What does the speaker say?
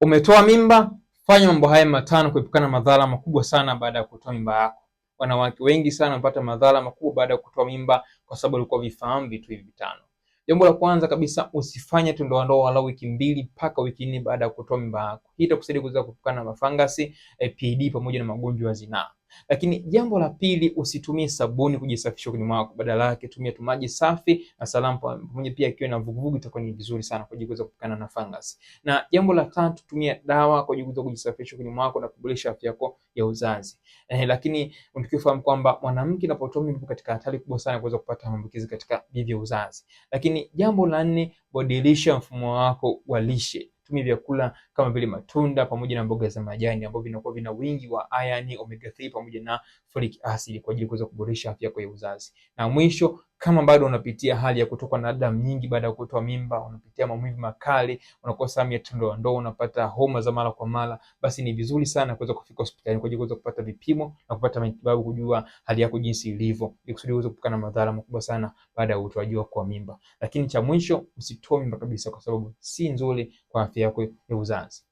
Umetoa mimba, fanya mambo haya matano kuepukana na madhara makubwa sana baada ya kutoa mimba yako. Wanawake wengi sana wanapata madhara makubwa baada ya kutoa mimba kwa sababu walikuwa vifahamu vitu hivi vitano. Jambo la kwanza kabisa, usifanye tendo la ndoa walau wiki mbili mpaka wiki nne baada ya kutoa mimba yako. Hii itakusaidia kuweza kuepukana na mafangasi, PID pamoja na magonjwa ya zinaa. Lakini jambo la pili, usitumie sabuni kujisafisha ulimi wako, badala yake tumia tu maji safi na salamu pamoja, pia ikiwa na vuguvugu itakuwa ni vizuri sana kwa ajili ya kupukana na fungus. Na jambo la tatu, tumia dawa kwa ajili ya kujisafisha ulimi wako na kuboresha afya yako ya uzazi. Eh, lakini unatakiwa kwamba mwanamke anapotoa mimba katika hatari kubwa sana kuweza kupata maambukizi katika hivyo uzazi. Lakini jambo la nne, badilisha mfumo wako wa lishe. Tumia vyakula kama vile matunda pamoja na mboga za majani ambavyo vinakuwa vina wingi wa iron, omega 3 pamoja na folic acid kwa ajili ya kuweza kuboresha afya yako ya uzazi. Na mwisho kama bado unapitia hali ya kutokwa na damu nyingi baada ya kutoa mimba, unapitia maumivu makali, unakosa hamu ya tendo la ndoa, unapata homa za mara kwa mara, basi ni vizuri sana kuweza kufika hospitali kwa ajili ya kupata vipimo na kupata matibabu, kujua hali yako jinsi ilivyo, ili kusudi uweze kuepukana na madhara makubwa sana baada ya utoaji wa mimba. Lakini cha mwisho, usitoe mimba kabisa, kwa sababu si nzuri kwa afya yako ya uzazi.